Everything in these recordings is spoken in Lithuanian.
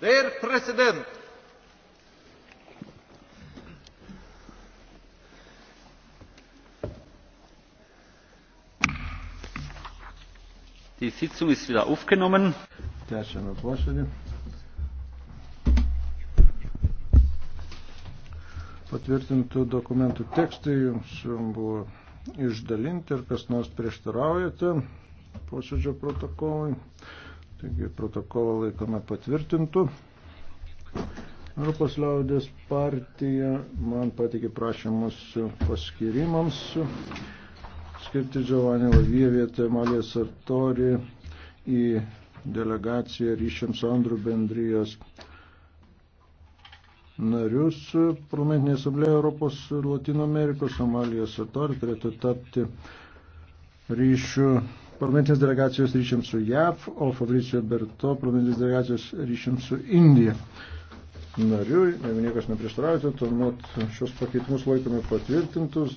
Dear President, Die Sitzung ist wieder aufgenommen. Tęsiame posėdį. Patvirtintų dokumentų tekstai jums buvo išdalinti ir kas nors prieštaraujate posėdžio protokolui. Taigi protokolą laikome patvirtintų. Europos liaudės partija man patikė prašymus paskirimams skirti Giovanni Lavie vietą Malės Sartori į delegaciją ryšiams Andrų bendrijos narius Parlamentinė asamblėje Europos ir Latino Amerikos Amalija Sartori turėtų tapti ryšių parlamentinės delegacijos ryšiams su JAV, o Fabricio Berto parlamentinės delegacijos ryšiams su Indija. Nariu, jeigu niekas neprieštaraujate, tai tuomet šios pakeitimus laikome patvirtintus.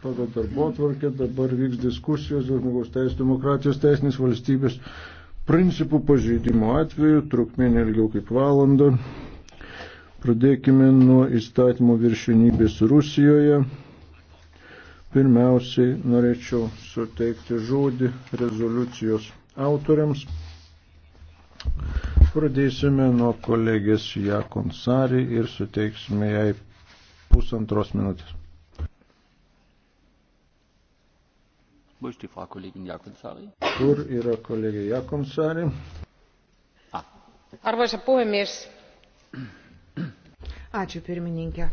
Pagal darbo atvarkę dabar vyks diskusijos dėl žmogaus teisų demokratijos teisinės valstybės principų pažeidimo atveju, trukmė nelgiau kaip valanda. Pradėkime nuo įstatymo viršinybės Rusijoje. Pirmiausiai norėčiau suteikti žodį rezoliucijos autoriams. Pradėsime nuo kolegės Jakonsari ir suteiksime jai pusantros minutės. Kur yra kolegė Jakonsari? Ah. Arvoisa puhemies. Ačiū pirmininkė.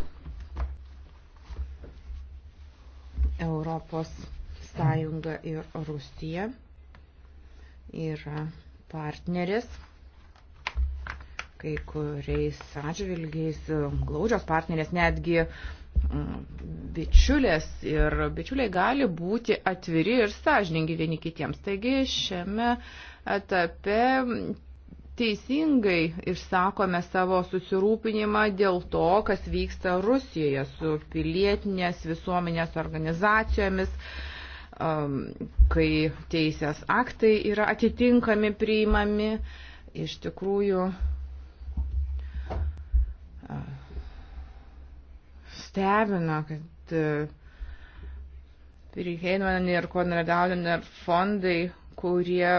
Europos Sąjunga ir Rusija yra partneris, kai kuriais atžvilgiais glaudžios partnerės, netgi mm, bičiulės ir bičiuliai gali būti atviri ir sąžiningi vieni kitiems. Taigi šiame etape teisingai išsakome savo susirūpinimą dėl to, kas vyksta Rusijoje su pilietinės visuomenės organizacijomis, kai teisės aktai yra atitinkami, priimami. Iš tikrųjų, stebina, kad e, Piriheinman ir Konrad Adenauer fondai, kurie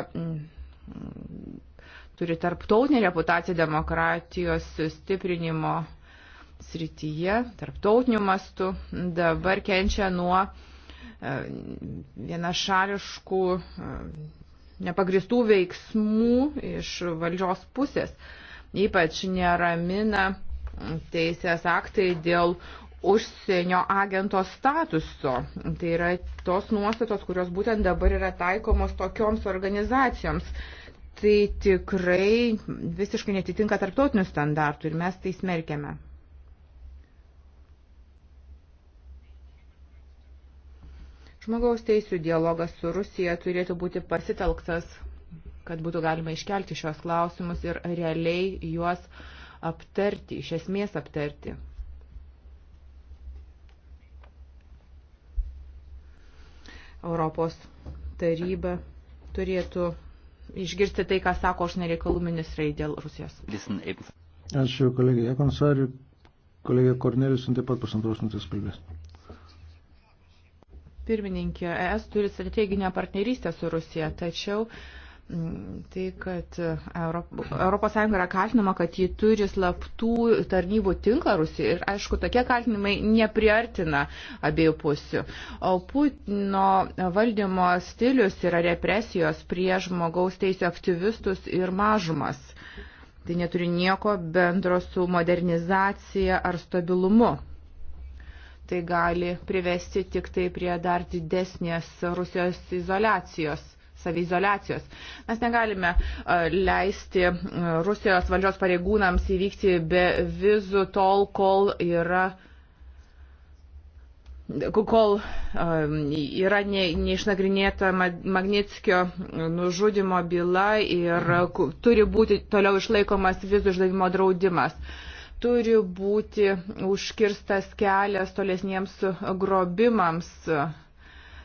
turi tarptautinę reputaciją demokratijos stiprinimo srityje, tarptautiniu mastu, dabar kenčia nuo e, vienašališkų e, nepagristų veiksmų iš valdžios pusės. Ypač neramina teisės aktai dėl užsienio agento statuso. Tai yra tos nuostatos, kurios būtent dabar yra taikomos tokioms organizacijoms tai tikrai visiškai netitinka tarptautinių standartų ir mes tai smerkiame. Žmogaus teisų dialogas su Rusija turėtų būti pasitelktas, kad būtų galima iškelti šios klausimus ir realiai juos aptarti, iš esmės aptarti. Europos taryba turėtų išgirsti tai, ką sako užsienio reikalų ministrai dėl Rusijos. Ačiū, kolegė Jakonsari. Kolegė Kornelius taip pat pusantros minutės kalbės. Pirmininkė, ES turi strateginę partnerystę su Rusija, tačiau uh, Tai, kad ES yra kaltinama, kad ji turi slaptų tarnybų tinklą Rusijai ir, aišku, tokie kaltinimai nepriartina abiejų pusių. O Putino valdymo stilius yra represijos prie žmogaus teisų aktyvistus ir mažumas. Tai neturi nieko bendro su modernizacija ar stabilumu tai gali privesti tik tai prie dar didesnės Rusijos izolacijos savizolacijos. Mes negalime leisti Rusijos valdžios pareigūnams įvykti be vizų tol, kol yra kol yra neišnagrinėta Magnitskio nužudimo byla ir turi būti toliau išlaikomas vizų išdavimo draudimas turi būti užkirstas kelias tolesniems grobimams.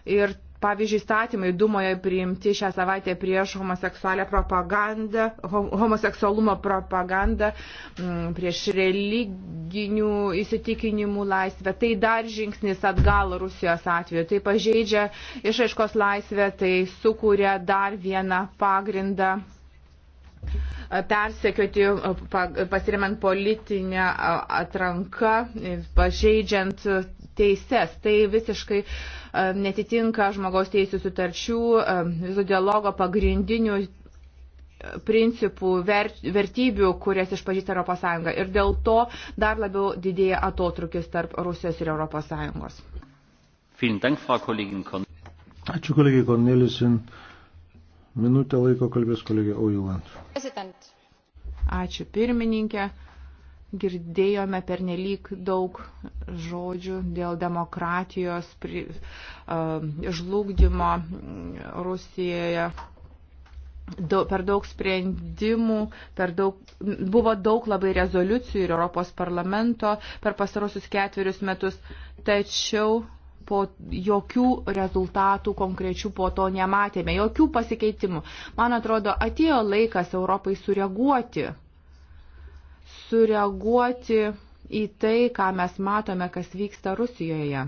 Ir Pavyzdžiui, statymai Dumoje priimti šią savaitę prieš homoseksualią propagandą, homoseksualumo propagandą, mm, prieš religinių įsitikinimų laisvę. Tai dar žingsnis atgal Rusijos atveju. Tai pažeidžia išaiškos laisvę, tai sukuria dar vieną pagrindą e, persekioti e, pasiremiant politinę atranką, e, pažeidžiant teises. Tai visiškai netitinka žmogaus teisų sutarčių, visų dialogo pagrindinių principų, ver, vertybių, kurias išpažįsta ES. Ir dėl to dar labiau didėja atotrukis tarp Rusijos ir ES. Ačiū kolegijai Kornelisin. Minutę laiko kalbės kolegija Ojuland. Ačiū pirmininkė girdėjome pernelyg daug žodžių dėl demokratijos pri, uh, žlugdymo Rusijoje. Daug, per daug sprendimų, per daug, buvo daug labai rezoliucijų ir Europos parlamento per pasarosius ketverius metus, tačiau po jokių rezultatų konkrečių po to nematėme, jokių pasikeitimų. Man atrodo, atėjo laikas Europai sureaguoti sureaguoti į tai, ką mes matome, kas vyksta Rusijoje.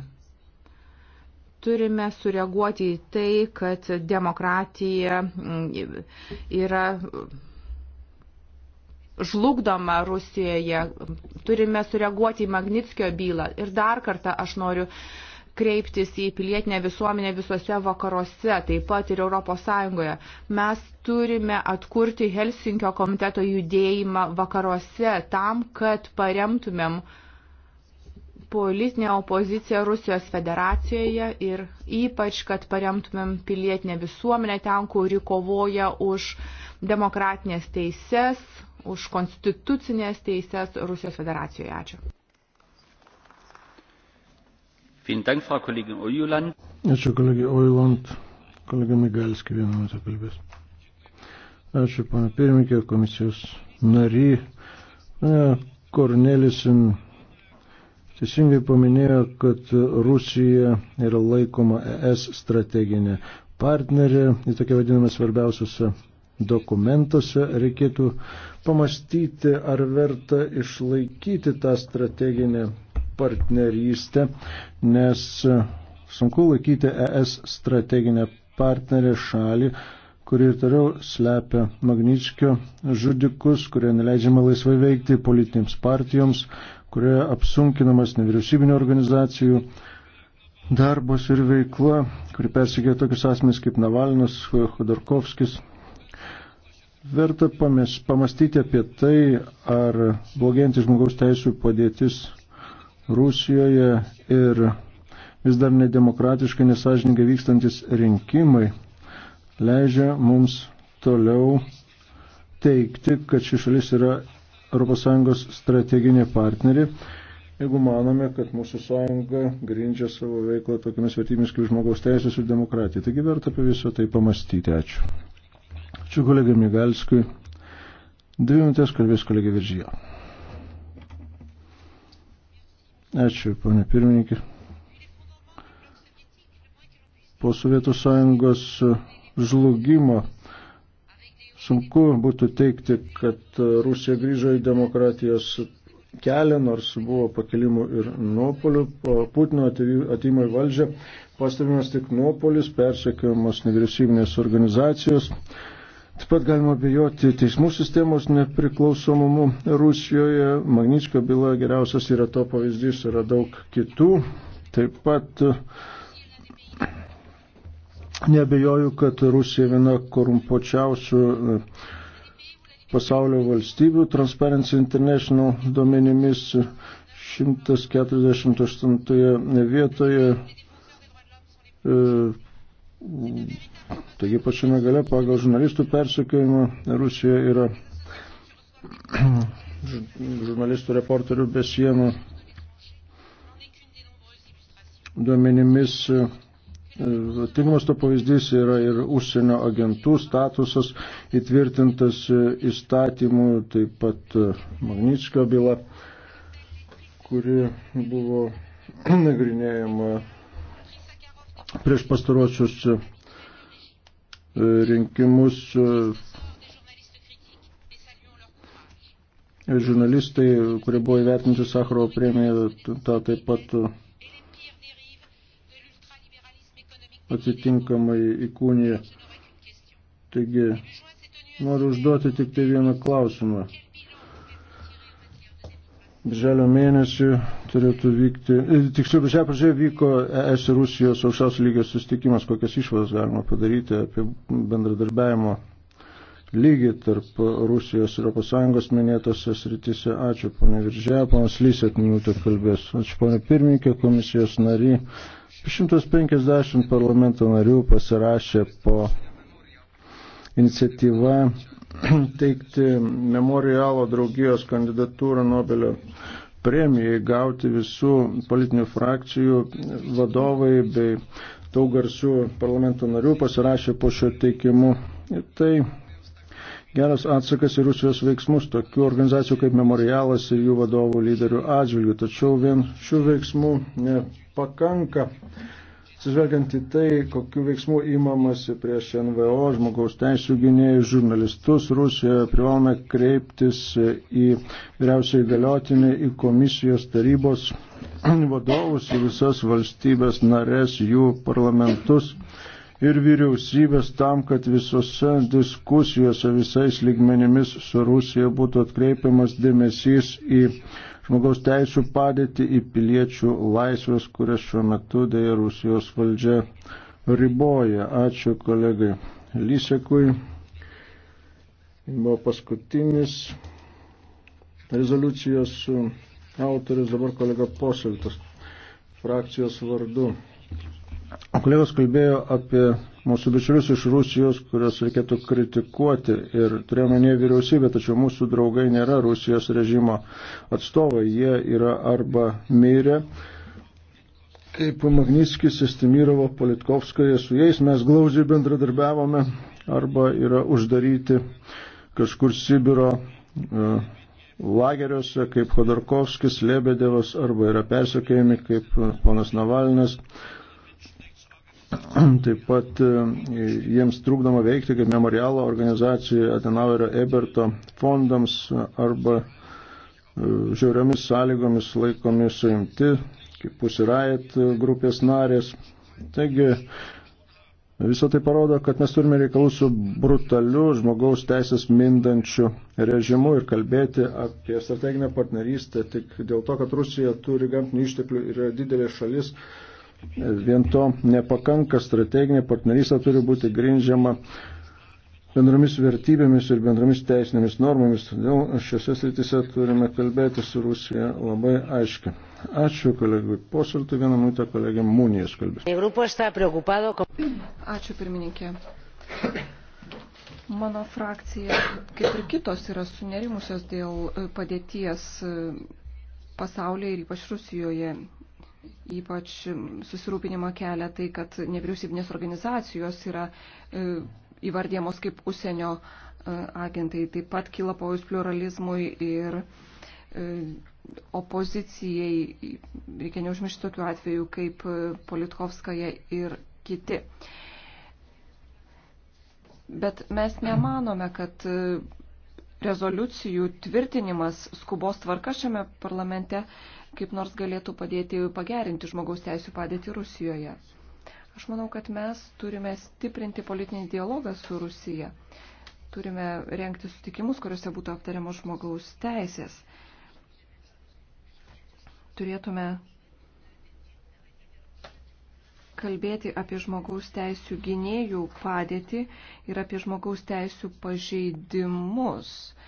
Turime sureaguoti į tai, kad demokratija mm, yra žlugdoma Rusijoje. Turime sureaguoti į Magnitskio bylą. Ir dar kartą aš noriu uh, kreiptis į pilietinę visuomenę visuose vakaruose, taip pat ir ES. Mes turime atkurti Helsinkio komiteto judėjimą vakaruose tam, kad paremtumėm politinę opoziciją Rusijos federacijoje ir ypač, kad paremtumėm pilietinę visuomenę ten, kuri kovoja už demokratinės teises, už konstitucinės teises Rusijos federacijoje. Ačiū. Ačiū kolegė Ojuland, kolegė Migalski vieną minutę kalbės. Ačiū pana pirmininkė, komisijos nary. Kornelisin teisingai paminėjo, kad Rusija yra laikoma ES strateginė partnerė, į tokia vadinamą svarbiausiuose dokumentuose reikėtų pamastyti, ar verta išlaikyti tą strateginę partnerystę, nes e, sunku laikyti ES strateginę partnerę šalį, kuri ir toliau slepia Magničkio žudikus, kurie neleidžiama laisvai veikti politinėms partijoms, kurioje apsunkinamas nevyriausybinio organizacijų darbas ir veikla, kuri persikėjo tokius asmenys kaip Navalnas, Khodorkovskis. Verta pamės, pamastyti apie tai, ar blogėjantis žmogaus teisų padėtis Rusijoje ir vis dar nedemokratiškai nesažininkai vykstantis rinkimai leidžia mums toliau teikti, kad ši šalis yra ES strateginė partnerė, jeigu manome, kad mūsų sąjunga grindžia savo veiklą tokiamis vertybėmis kaip žmogaus teisės ir demokratija. Taigi verta apie visą tai pamastyti. Ačiū. Ačiū kolegai Migalskui. Dvi minutės kalbės kolegė Viržyje. Ačiū, ponė pirmininkė. Po Sovietų sąjungos žlugimo sunku būtų teikti, kad Rusija grįžo į demokratijos kelią, nors buvo pakilimų ir nuopolių. Po Putino atėjimo į valdžią pastebimas tik nuopolis, persekiojamas nevyriausybinės organizacijos. Taip pat galima abejoti teismų sistemos nepriklausomumu Rusijoje. Magničko byla geriausias yra to pavyzdys, yra daug kitų. Taip pat e, nebejoju, kad Rusija viena korumpuočiausių e, pasaulio valstybių. Transparency International duomenimis 148 e, vietoje. E, Taigi pačiame gale pagal žurnalistų persekiojimą Rusija yra žurnalistų reporterių be sienų duomenimis. E, tinkamas to pavyzdys yra ir užsienio agentų statusas įtvirtintas e, įstatymu, taip pat e, Magnitskio byla, kuri buvo nagrinėjama prieš pastaruosius rinkimus e, žurnalistai, kurie buvo įvertinti Sakrovo premiją, tą taip pat e, atitinkamai įkūnė. Taigi, noriu užduoti tik tai vieną klausimą. Birželio mėnesį turėtų vykti, e, tiksliau, birželio pradžioje vyko ES ir Rusijos aukščiausio lygio sustikimas, kokias išvadas galima padaryti apie bendradarbiavimo lygį tarp Rusijos ir ES minėtose srityse. Ačiū, ponė Viržė, ponas Lysėt minutę kalbės. Ačiū, ponė pirmininkė, komisijos nary. 150 parlamento narių pasirašė po iniciatyvą teikti memorialo draugijos kandidatūrą Nobelio premijai, gauti visų politinių frakcijų vadovai bei daug garsių parlamento narių pasirašė po šio teikimu. Ir tai geras atsakas į Rusijos veiksmus tokių organizacijų kaip memorialas ir jų vadovų lyderių atžvilgių. Tačiau vien šių veiksmų nepakanka. Atsižvelgiant į tai, kokiu veiksmu įmamasi prieš NVO žmogaus teisų gynėjus žurnalistus Rusijoje, privalome kreiptis į vyriausiai galiotinį, į komisijos tarybos vadovus, į visas valstybės narės, jų parlamentus ir vyriausybės tam, kad visose diskusijose visais lygmenimis su Rusija būtų atkreipiamas dėmesys į žmogaus teisų padėtį, į piliečių laisvės, kurias šiuo metu dėja Rusijos valdžia riboja. Ačiū kolegai Lysekui. Buvo paskutinis rezoliucijos autorius, dabar kolega Posiltas, frakcijos vardu. Kolegos kalbėjo apie mūsų bičiulius iš Rusijos, kurios reikėtų kritikuoti ir turėjome ne vyriausybę, tačiau mūsų draugai nėra Rusijos režimo atstovai, jie yra arba mirę, kaip Magniskis, Istimirovo, Politkovskoje, su jais mes glaudžiai bendradarbiavome, arba yra uždaryti kažkur Sibiro e, lageriuose, kaip Khodorkovskis, Lebedevas, arba yra persiekėjami, kaip e, ponas Navalnas. Taip pat e, jiems trukdoma veikti kaip memorialo organizacija Adenauerio Eberto fondams arba e, žiauriomis sąlygomis laikomi suimti, kaip pusirajat grupės narės. Taigi visą tai parodo, kad mes turime reikalų su brutaliu žmogaus teisės mindančiu režimu ir kalbėti apie strateginę partnerystę tik dėl to, kad Rusija turi gamtinių išteklių ir yra didelė šalis vien to nepakanka, strateginė partnerystė turi būti grindžiama bendromis vertybėmis ir bendromis teisinėmis normomis. Todėl šiose srityse turime kalbėti su Rusija labai aiškiai. Ačiū kolegui Posultui, vieną minutę kolegė Mūnijas kalbės. Ačiū pirmininkė. Mano frakcija, kaip ir kitos, yra sunerimusios dėl e, padėties e, pasaulyje ir ypač Rusijoje. Ypač susirūpinimą kelia tai, kad nevyriausybinės organizacijos yra e, įvardėmos kaip užsienio e, agentai. Taip pat kyla pavojus pluralizmui ir e, opozicijai, reikia neužmiršti tokių atvejų kaip Politkovskaja ir kiti. Bet mes nemanome, kad rezoliucijų tvirtinimas skubos tvarka šiame parlamente kaip nors galėtų padėti pagerinti žmogaus teisų padėtį Rusijoje. Aš manau, kad mes turime stiprinti politinį dialogą su Rusija. Turime renkti sutikimus, kuriuose būtų aptariamos žmogaus teisės. Turėtume kalbėti apie žmogaus teisų gynėjų padėtį ir apie žmogaus teisų pažeidimus. Uh,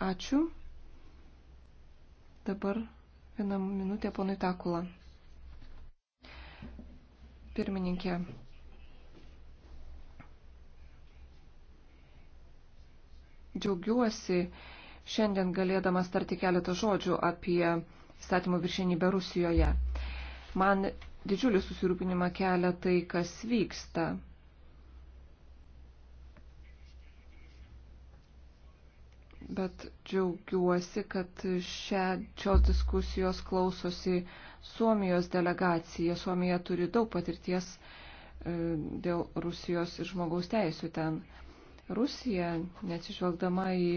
Ačiū. Dabar vieną minutę ponui Takula. Pirmininkė. Džiaugiuosi šiandien galėdamas tarti keletą žodžių apie įstatymų viršenybę Rusijoje. Man didžiulį susirūpinimą kelia tai, kas vyksta. bet džiaugiuosi, kad šią, šios diskusijos klausosi Suomijos delegacija. Suomija turi daug patirties e, dėl Rusijos ir žmogaus teisų ten. Rusija, neatsižvelgdama į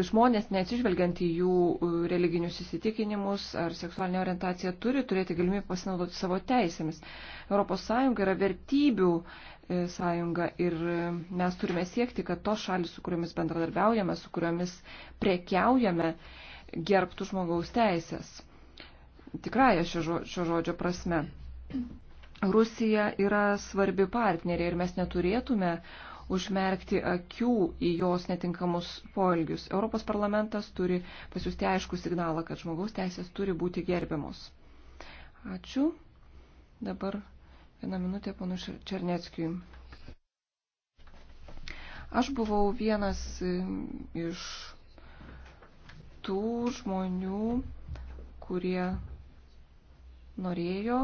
žmonės, neatsižvelgiant į jų e, religinius įsitikinimus ar seksualinę orientaciją, turi turėti galimybę pasinaudoti savo teisėmis. ES yra vertybių e, sąjunga ir e, mes turime siekti, kad tos šalis, su kuriomis bendradarbiaujame, su kuriomis prekiaujame, gerbtų žmogaus teisės. Tikrąją šio žodžio prasme. Rusija yra svarbi partnerė ir mes neturėtume užmerkti akių į jos netinkamus poelgius. Europos parlamentas turi pasiūsti aišku signalą, kad žmogaus teisės turi būti gerbiamos. Ačiū. Dabar vieną minutę panu Černeckiui. Aš buvau vienas e, iš tų žmonių, kurie norėjo,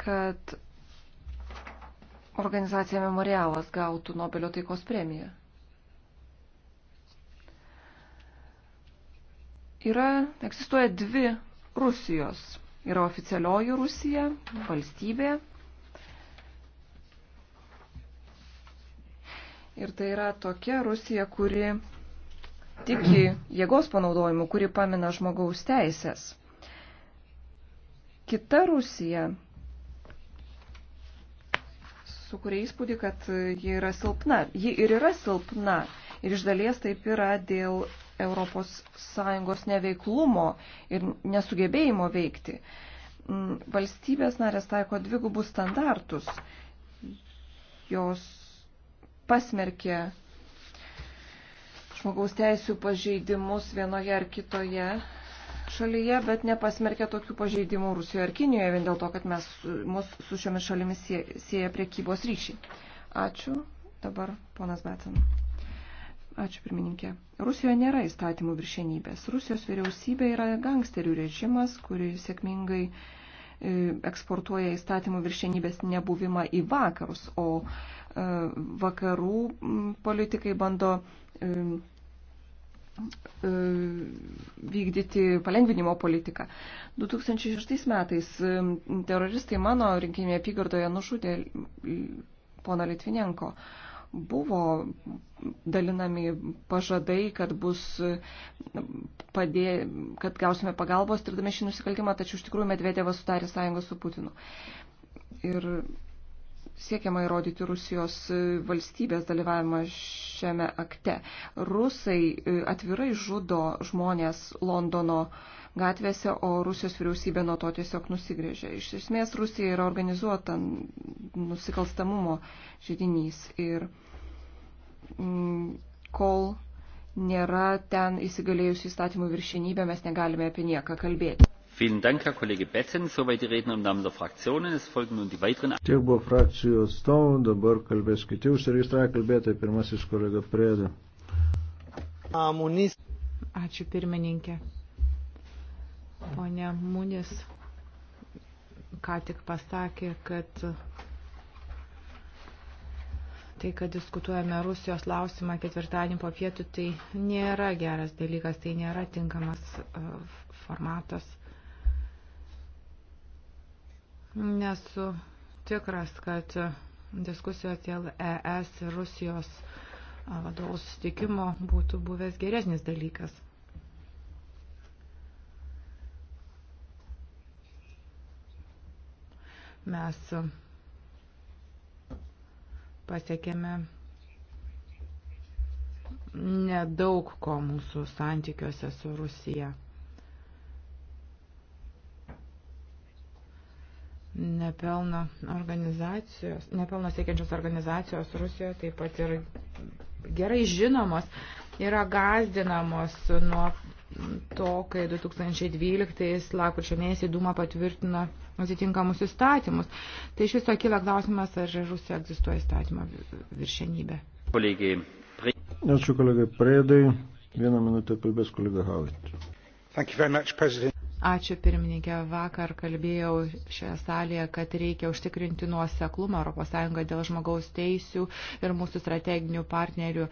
kad organizacija Memorialas gautų Nobelio taikos premiją. Yra, egzistuoja dvi Rusijos. Yra oficialioji Rusija, valstybė. Ir tai yra tokia Rusija, kuri tiki jėgos panaudojimu, kuri pamina žmogaus teisės. Kita Rusija sukuria įspūdį, kad ji yra silpna. Ji ir yra silpna. Ir iš dalies taip yra dėl ES neveiklumo ir nesugebėjimo veikti. Mm, valstybės narės taiko dvigubus standartus. Jos pasmerkė žmogaus teisų pažeidimus vienoje ar kitoje šalyje, bet nepasmerkia tokių pažeidimų Rusijoje ar Kinijoje vien dėl to, kad mes, mus su šiomis šalimis sieja priekybos ryšiai. Ačiū. Dabar ponas Betsan. Ačiū pirmininkė. Rusijoje nėra įstatymų viršenybės. Rusijos vyriausybė yra gangsterių režimas, kuri sėkmingai e, eksportuoja įstatymų viršenybės nebuvimą į vakarus, o e, vakarų politikai bando e, vykdyti palengvinimo politiką. 2006 metais teroristai mano rinkiminėje apygardoje nužudė poną Litvinenko. Buvo dalinami pažadai, kad, bus padė, kad gausime pagalbos tirdami šį nusikaltimą, tačiau iš tikrųjų Medvedevas sudarė sąjungą su Putinu. Ir siekiama įrodyti Rusijos e, valstybės dalyvavimą šiame akte. Rusai e, atvirai žudo žmonės Londono gatvėse, o Rusijos vyriausybė nuo to tiesiog nusigrėžė. Iš esmės Rusija yra organizuota nusikalstamumo žydinys ir mm, kol nėra ten įsigalėjusių įstatymų viršinybė, mes negalime apie nieką kalbėti. Tiek buvo frakcijų atstovų, dabar kalbės kiti užsiregistravę kalbėtojai, pirmasis kolega Prėda. Ačiū pirmininkė. Pone Munis ką tik pasakė, kad tai, kad diskutuojame Rusijos klausimą ketvirtadienį po pietų, tai nėra geras dalykas, tai nėra tinkamas e, formatas. Nesu tikras, kad diskusijos dėl ES ir Rusijos vadovų sustikimo būtų buvęs geresnis dalykas. Mes pasiekėme nedaug ko mūsų santykiuose su Rusija. nepelno organizacijos, nepelno siekiančios organizacijos Rusijoje taip pat ir gerai žinomos, yra gazdinamos nuo to, kai 2012 lakučio mėnesį Duma patvirtino atitinkamus įstatymus. Tai iš viso kyla klausimas, ar Rusija egzistuoja įstatymo viršenybė. Ačiū kolegai Prėdai. Vieną minutę kalbės kolega Havit. Ačiū pirmininkė. Vakar kalbėjau šioje salėje, kad reikia užtikrinti nuoseklumą ES dėl žmogaus teisių ir mūsų strateginių partnerių.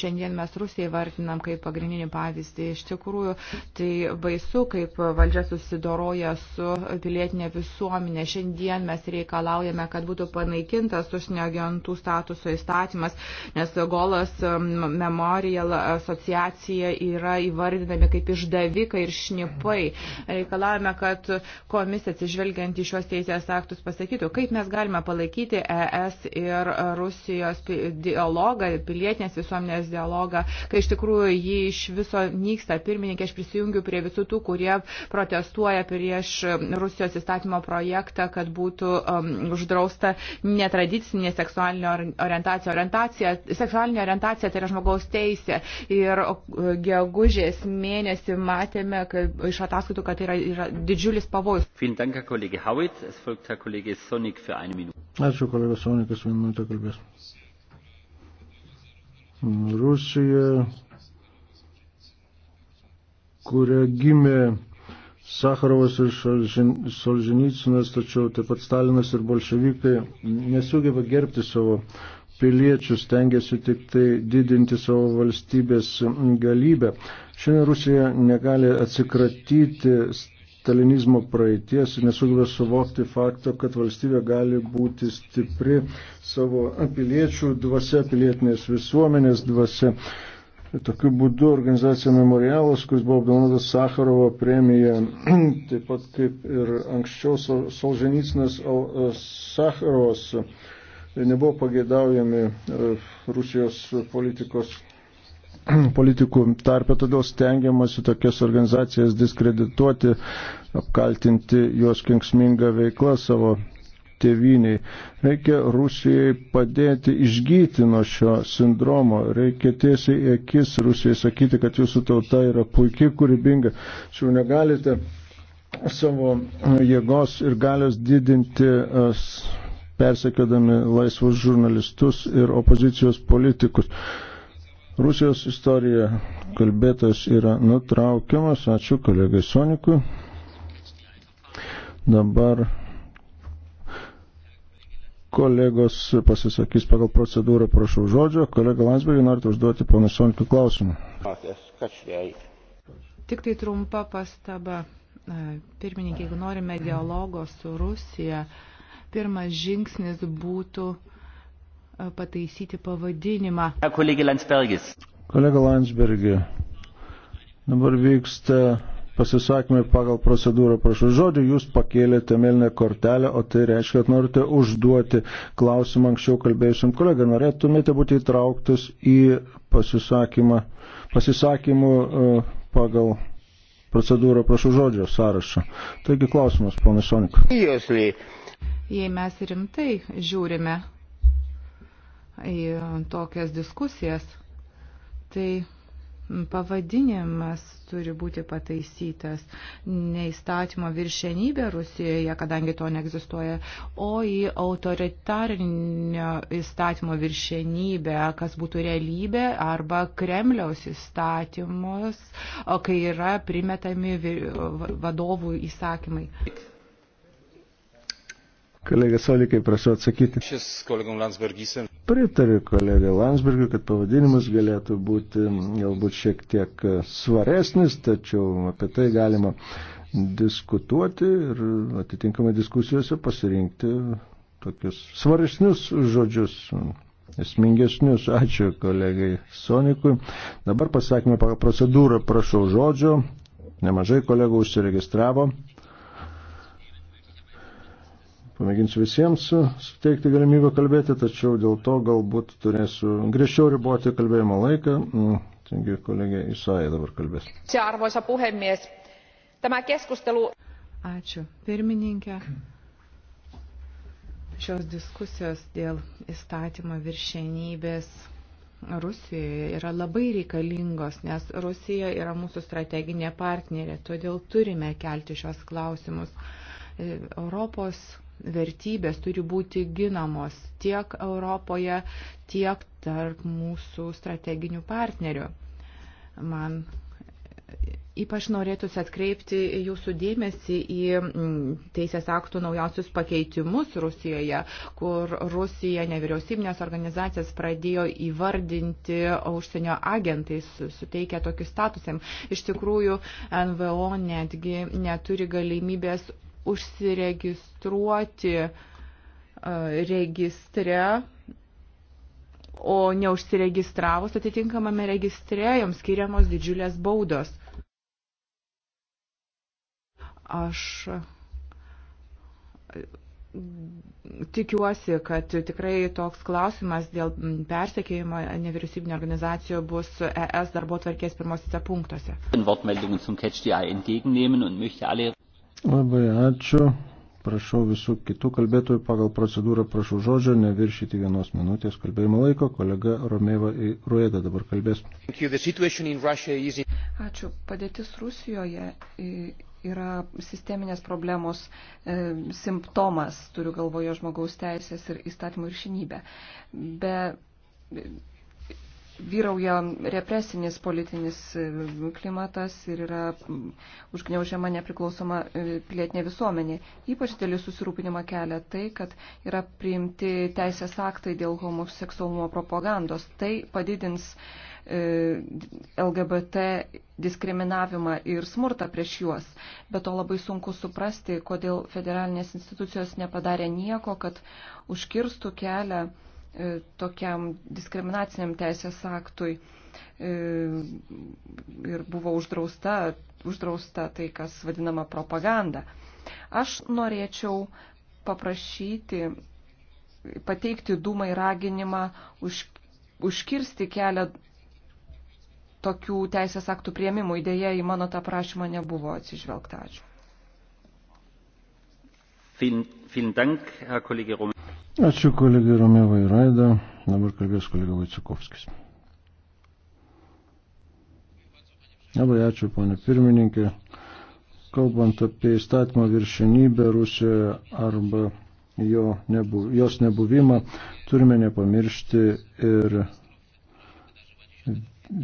Šiandien mes Rusijai vartinam kaip pagrindinį pavyzdį. Iš tikrųjų, tai baisu, kaip valdžia susidoroja su pilietinė visuomenė. Šiandien mes reikalaujame, kad būtų panaikintas užsienio agentų statuso įstatymas, nes Golas Memorial asociacija yra įvardinami kaip išdavikai ir šnipai reikalavome, kad komisija atsižvelgiant į šios teisės aktus pasakytų, kaip mes galime palaikyti ES ir Rusijos dialogą, pilietinės visuomenės dialogą, kai iš tikrųjų jį iš viso nyksta. Pirmininkė, aš prisijungiu prie visų tų, kurie protestuoja prieš Rusijos įstatymo projektą, kad būtų um, uždrausta netradicinė seksualinė orientacija. orientacija seksualinė orientacija tai yra žmogaus teisė. Ir uh, gegužės mėnesį matėme kad, iš ataskaitų, kad tai tai yra, yra didžiulis pavojus. Ačiū, kolega Sonikas, vieną minutę kalbės. Rusija, kuria gimė Sakarovas ir Solženicinas, tačiau taip pat Stalinas ir bolševikai nesugeba gerbti savo piliečių stengiasi tik tai didinti savo valstybės galybę. Šiandien Rusija negali atsikratyti stalinizmo praeities ir nesugeba suvokti fakto, kad valstybė gali būti stipri savo piliečių dvasia, pilietinės visuomenės dvasia. Tokiu būdu organizacija Memorialas, kuris buvo apdovanotas Sakarovo premija, taip pat kaip ir anksčiau Solženicinas Sakarovas Tai nebuvo pageidaujami e, Rusijos politikos, politikų tarpe, todėl stengiamasi tokias organizacijas diskredituoti, apkaltinti juos kenksmingą veiklą savo tėviniai. Reikia Rusijai padėti išgyti nuo šio sindromo, reikia tiesiai į akis Rusijai sakyti, kad jūsų tauta yra puikiai kūrybinga. Šių negalite savo jėgos ir galios didinti e, persekiodami laisvus žurnalistus ir opozicijos politikus. Rusijos istorija kalbėtas yra nutraukiamas. Ačiū kolegai Sonikui. Dabar kolegos pasisakys pagal procedūrą, prašau žodžio. Kolega Landsbergį norite užduoti ponui Sonikui klausimą. Tik tai trumpa pastaba. Pirmininkai, jeigu norime dialogo su Rusija, pirmas žingsnis būtų e, pataisyti pavadinimą. Kolega Landsbergis. Kolega Landsbergis. Dabar vyksta pasisakymai pagal procedūrą. Prašau žodžiu, jūs pakėlėte mėlyną kortelę, o tai reiškia, kad norite užduoti klausimą anksčiau kalbėjusiam kolegai. Norėtumėte būti įtrauktus į pasisakymą, pasisakymų e, pagal procedūrą, prašau žodžio sąrašą. Taigi klausimas, ponas Sonik jei mes rimtai žiūrime į tokias diskusijas, tai pavadinimas turi būti pataisytas ne įstatymo viršenybė Rusijoje, kadangi to neegzistuoja, o į autoritarinio įstatymo viršenybę, kas būtų realybė, arba Kremliaus įstatymus, kai yra primetami vadovų įsakymai. Kolega Solikai, prašau atsakyti. Šis kolegom Landsbergisem. Pritariu kolegai Landsbergiu, kad pavadinimas galėtų būti mm, galbūt šiek tiek e, svaresnis, tačiau apie tai galima diskutuoti ir atitinkamai diskusijose pasirinkti tokius svaresnius žodžius, esmingesnius. Ačiū kolegai Sonikui. Dabar pasakymą pagal procedūrą, prašau žodžio. Nemažai kolegų užsiregistravo. Pamėginsiu visiems e, suteikti galimybę kalbėti, tačiau dėl to galbūt turėsiu griežčiau riboti kalbėjimo laiką. Mm, taigi kolegė Isaija dabar kalbės. Čia arvoisa puhemies. Tämä keskustelu. Ačiū. Pirmininkė. Šios diskusijos dėl įstatymo viršenybės Rusijoje yra labai reikalingos, nes Rusija yra mūsų strateginė partnerė, todėl turime kelti šios klausimus. E, Europos vertybės turi būti ginamos tiek Europoje, tiek tarp mūsų strateginių partnerių. Man Ypač norėtųsi atkreipti jūsų dėmesį į mm, teisės aktų naujausius pakeitimus Rusijoje, kur Rusija nevyriausybinės organizacijas pradėjo įvardinti užsienio agentais, suteikia tokius statusėm. Iš tikrųjų, NVO netgi neturi galimybės užsiregistruoti registre, o neužsiregistravus atitinkamame registre joms skiriamos didžiulės baudos. Aš tikiuosi, kad tikrai toks klausimas dėl persekėjimo nevyriausybinio organizacijų bus ES darbo tvarkės pirmosiuose punktuose. Labai ačiū. Prašau visų kitų kalbėtojų pagal procedūrą, prašau žodžio, neviršyti vienos minutės kalbėjimo laiko. Kolega Romeva Rueda dabar kalbės. Ačiū. Padėtis Rusijoje e, yra sisteminės problemos e, simptomas, turiu galvoje žmogaus teisės ir įstatymų viršinybę. Be vyrauja represinis politinis e, klimatas ir yra užgneužiama nepriklausoma e, pilietinė visuomenė. Ypač dėlį susirūpinimą kelia tai, kad yra priimti teisės aktai dėl homoseksualumo propagandos. Tai padidins e, LGBT diskriminavimą ir smurtą prieš juos. Bet to labai sunku suprasti, kodėl federalinės institucijos nepadarė nieko, kad užkirstų kelią E, tokiam diskriminaciniam teisės aktui e, ir buvo uždrausta, uždrausta tai, kas vadinama propaganda. Aš norėčiau paprašyti, pateikti Dūmai raginimą už, užkirsti kelią tokių teisės aktų prieimimui. Dėja, į mano tą prašymą nebuvo atsižvelgta. Ačiū. Vielen, vielen Dank, Herr Kollege Romero. Ačiū kolegai Romėvai Raida. Dabar kalbės kolega Vaitsakovskis. Labai ačiū, ponė pirmininkė. Kalbant apie įstatymą viršenybę Rusijoje arba jo nebu, jos nebuvimą, turime nepamiršti ir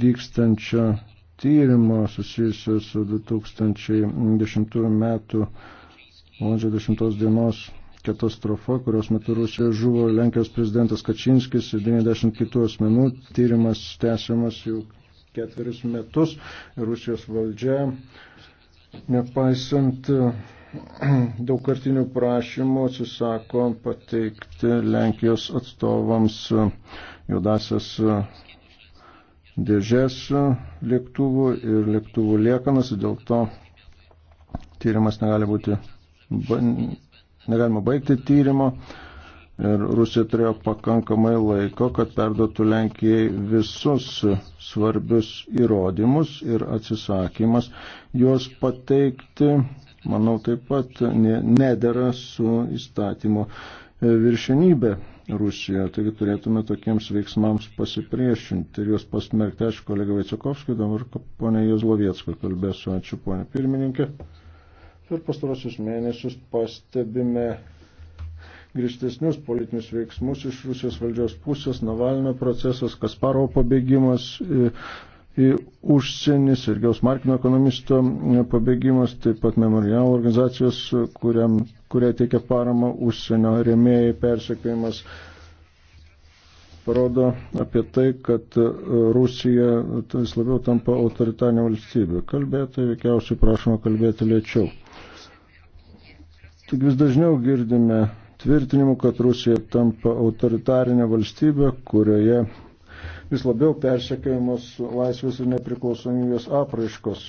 vykstančio tyrimo susijusio su 2010 metų 10 dienos katastrofa, kurios metu Rusijoje žuvo Lenkijos prezidentas Kačinskis ir 90 kitų asmenų. Tyrimas tęsiamas jau ketverius metus. Rusijos valdžia, nepaisant daugkartinių prašymų, atsisako pateikti Lenkijos atstovams eh, judasias eh, dėžės eh, lėktuvų ir lėktuvų liekanas, dėl to tyrimas negali būti negalima baigti tyrimo. Ir Rusija turėjo pakankamai laiko, kad perduotų Lenkijai visus svarbius įrodymus ir atsisakymas juos pateikti, manau, taip pat nedėra su įstatymo viršenybė Rusijoje. Taigi turėtume tokiems veiksmams pasipriešinti ir juos pasmerkti. Ačiū kolega Vaiciakovskui, dabar ponė Jezlovietska kalbėsiu. Ačiū ponė pirmininkė. Per pastarosius mėnesius pastebime grįžtesnius politinius veiksmus iš Rusijos valdžios pusės, Navalino procesas, Kasparo pabėgimas į užsienį, Sergiaus Markino ekonomisto pabėgimas, taip pat memorialo organizacijos, kuriam, kurie teikia paramą užsienio rėmėjai persekėjimas. Parodo apie tai, kad Rusija vis labiau tampa autoritarinė valstybė. Kalbėtojai veikiausiai prašoma kalbėti lėčiau. Tik vis dažniau girdime tvirtinimų, kad Rusija tampa autoritarinė valstybė, kurioje vis labiau persekiojamos laisvės ir nepriklausomybės apraiškos.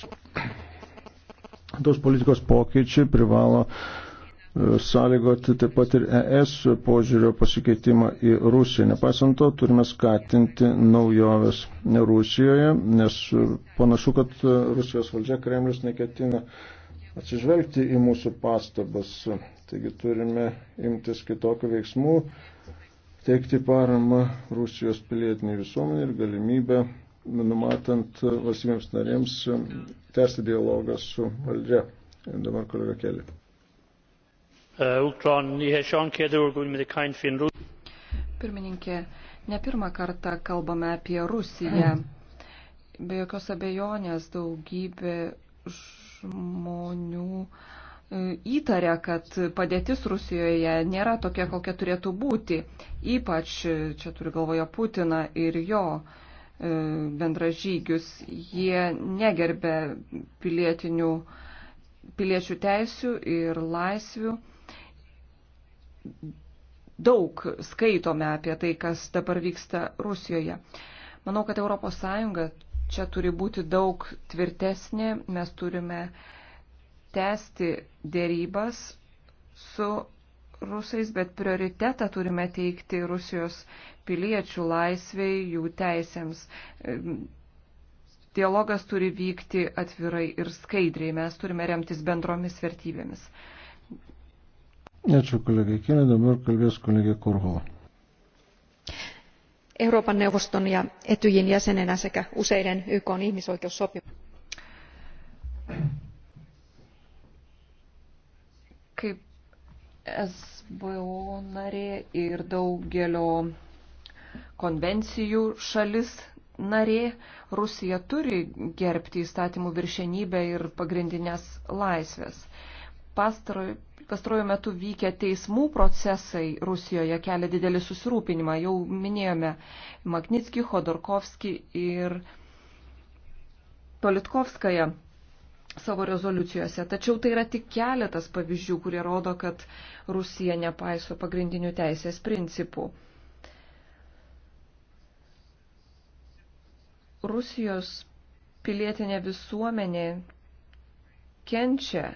Tos politikos pokyčiai privalo e, sąlygoti taip pat ir ES požiūrio pasikeitimą į Rusiją. Nepaisant to, turime skatinti naujoves Rusijoje, nes e, panašu, kad e, Rusijos valdžia Kremlius neketina atsižvelgti į mūsų pastabas. Taigi turime imtis kitokių veiksmų, teikti paramą Rusijos pilietiniai visuomenė ir galimybę, numatant valstybėms narėms, tęsti dialogą su valdžia. Dabar kolega Kelė. Pirmininkė, ne pirmą kartą kalbame apie Rusiją. Be jokios abejonės daugybė žmonių e, įtaria, kad padėtis Rusijoje nėra tokia, kokia turėtų būti. Ypač e, čia turiu galvoje Putiną ir jo e, bendražygius. Jie negerbė pilietinių, piliečių teisių ir laisvių. Daug skaitome apie tai, kas dabar vyksta Rusijoje. Manau, kad ES čia turi būti daug tvirtesnė. Mes turime tęsti dėrybas su rusais, bet prioritetą turime teikti Rusijos piliečių laisviai, jų teisėms. Dialogas turi vykti atvirai ir skaidriai. Mes turime remtis bendromis vertybėmis. Ačiū kolegai Kinė, dabar kalbės kolegė Kurhola euroopan neuvoston ja etyjin jäsenenä sekä useiden yk n ihmisoikeussopimusten kaip SBO narė ir daugelio konvencijų šalis narė, Rusija turi gerbti įstatymų viršenybę ir pagrindinės laisvės. Pastaroj pastrojų metu vykę teismų procesai Rusijoje kelia didelį susirūpinimą. Jau minėjome Magnitskį, Khodorkovskį ir Politkovskają savo rezoliucijose. Tačiau tai yra tik keletas pavyzdžių, kurie rodo, kad Rusija nepaiso pagrindinių teisės principų. Rusijos pilietinė visuomenė kenčia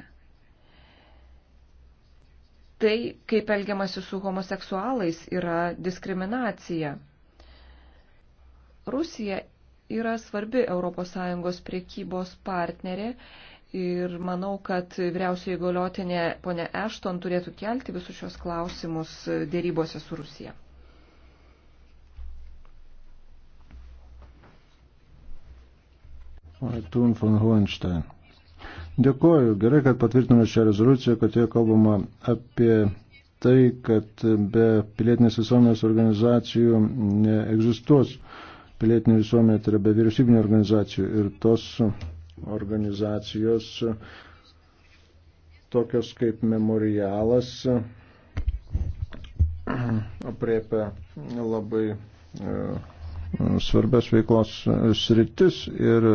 tai, kaip elgiamasi su homoseksualais, yra diskriminacija. Rusija yra svarbi ES priekybos partnerė ir manau, kad vyriausioji galiotinė ponė Ešton turėtų kelti visus šios klausimus dėrybose su Rusija. Tum von Hohenstein. Dėkuoju, gerai, kad patvirtinome šią rezoliuciją, kad joje kalbama apie tai, kad be pilietinės visuomenės organizacijų neegzistuos pilietinė visuomenė, tai yra be vyriausybinio organizacijų ir tos organizacijos tokios kaip memorialas apriepia labai e, svarbias veiklos sritis ir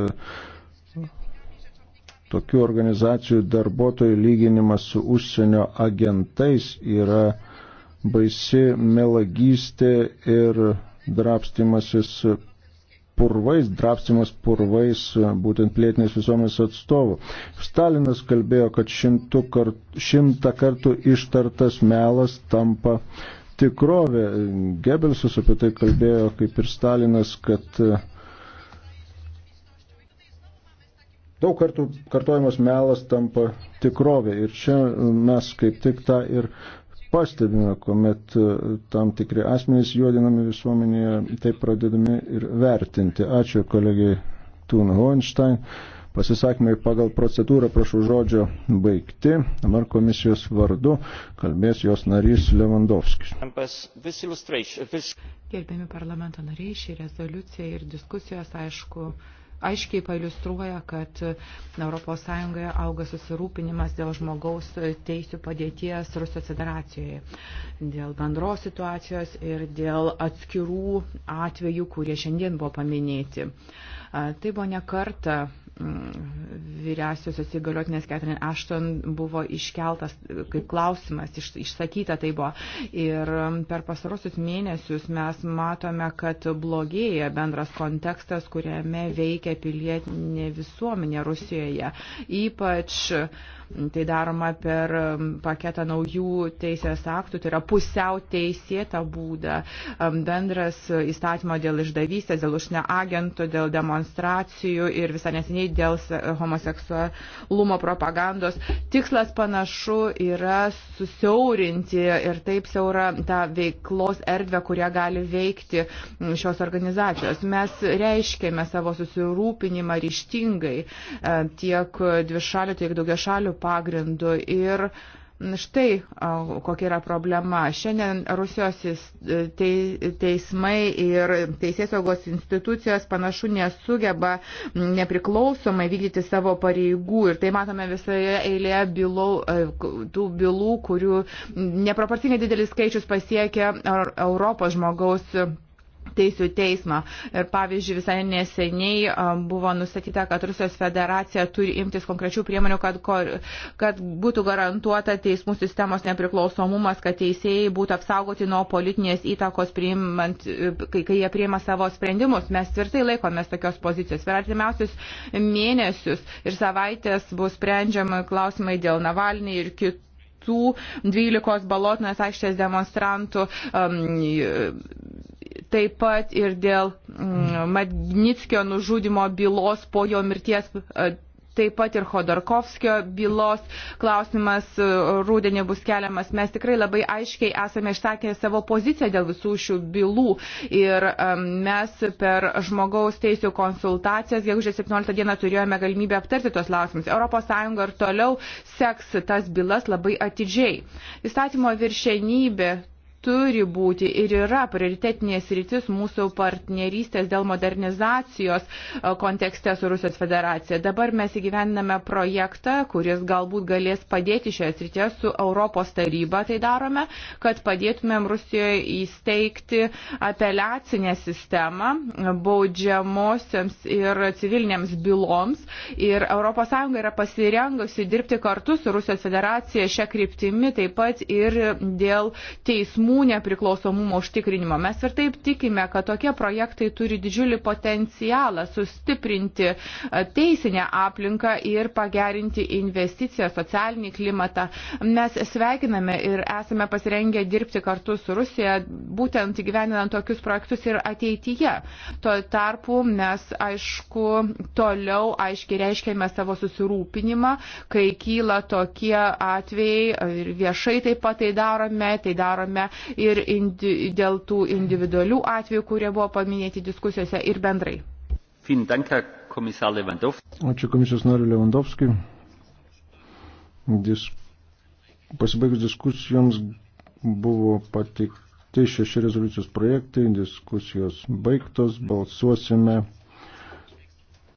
tokių organizacijų darbuotojų lyginimas su užsienio agentais yra baisi melagystė ir drapstimasis purvais, drapstimas purvais būtent plėtinės visuomenės atstovų. Stalinas kalbėjo, kad šimtų kart, šimtą kartų ištartas melas tampa tikrovė. Gebelsas apie tai kalbėjo, kaip ir Stalinas, kad uh, Daug kartų kartojamos melas tampa tikrovė ir čia mes kaip tik tą ir pastebime, kuomet e, tam tikri asmenys juodinami visuomenėje, taip pradedami ir vertinti. Ačiū kolegijai Tūn Hohenstein. Pasisakymai pagal procedūrą, prašau žodžio, baigti. Dabar komisijos vardu kalbės jos narys Levandovskis. Gerbėmi parlamento nariai, ši rezoliucija ir diskusijos, aišku, aiškiai pailustruoja, kad ES auga susirūpinimas dėl žmogaus teisų padėties Rusijos federacijoje, dėl bendros situacijos ir dėl atskirų atvejų, kurie šiandien buvo paminėti. Tai buvo nekarta vyriausiosios įgaliotinės Catherine Ashton buvo iškeltas e, kaip klausimas, iš, išsakyta tai buvo. Ir per pasarosius mėnesius mes matome, kad blogėja bendras kontekstas, kuriame veikia pilietinė visuomenė Rusijoje. Ypač uh, Tai daroma per um, paketą naujų teisės aktų, tai yra pusiau teisėta būda, um, bendras įstatymo dėl išdavystės, dėl užsienio agentų, dėl demonstracijų ir visą neseniai dėl homoseksualumo propagandos. Tikslas panašu yra susiaurinti ir taip siaura tą veiklos erdvę, kurią gali veikti mm, šios organizacijos. Mes reiškėme savo susirūpinimą ryštingai e, tiek dvišalių, tiek daugiašalių pagrindu. Ir Štai kokia yra problema. Šiandien Rusijos teismai ir teisėsaugos institucijos panašu nesugeba nepriklausomai vykdyti savo pareigų. Ir tai matome visoje eilėje bylų, tų bylų, kurių neproporcingai didelis skaičius pasiekia Europos žmogaus teisų teismą. Ir pavyzdžiui, visai neseniai buvo nustatyta, kad Rusijos federacija turi imtis konkrečių priemonių, kad, kad būtų garantuota teismų sistemos nepriklausomumas, kad teisėjai būtų apsaugoti nuo politinės įtakos, priimant, kai, kai jie priima savo sprendimus. Mes tvirtai laikomės tokios pozicijos. Per artimiausius mėnesius ir savaitės bus sprendžiama klausimai dėl Navalny ir kitų tų 12 balotnės aikštės demonstrantų um, taip pat ir dėl mm, Magnitskio nužudimo bylos po jo mirties e, taip pat ir Khodorkovskio bylos klausimas e, rūdienį bus keliamas. Mes tikrai labai aiškiai esame išsakę savo poziciją dėl visų šių bylų ir e, mes per žmogaus teisų konsultacijas, gegužės 17 dieną turėjome galimybę aptarti tuos klausimus. ES ir toliau seks tas bylas labai atidžiai. Įstatymo viršenybė turi būti ir yra prioritetinės rytis mūsų partnerystės dėl modernizacijos e, kontekste su Rusijos federacija. Dabar mes įgyvendiname projektą, kuris galbūt galės padėti šioje srityje su Europos taryba, tai darome, kad padėtumėm Rusijoje įsteigti apeliacinę sistemą baudžiamosiams ir civilinėms byloms. Ir ES yra pasirengusi dirbti kartu su Rusijos federacija šią kryptimį, taip pat ir dėl teismų teismų nepriklausomumo užtikrinimo. Mes ir taip tikime, kad tokie projektai turi didžiulį potencialą sustiprinti e, teisinę aplinką ir pagerinti investiciją, socialinį klimatą. Mes sveikiname ir esame pasirengę dirbti kartu su Rusija, būtent įgyveninant tokius projektus ir ateityje. Tuo tarpu mes, aišku, toliau aiškiai reiškėme savo susirūpinimą, kai kyla tokie atvejai ir viešai taip pat tai darome, tai darome ir indi, dėl tų individualių atvejų, kurie buvo paminėti diskusijose ir bendrai. Ačiū komisijos nariu Levandovskui. Dis... Pasibaigus diskusijoms buvo patikti šeši rezoliucijos projektai, diskusijos baigtos, balsuosime.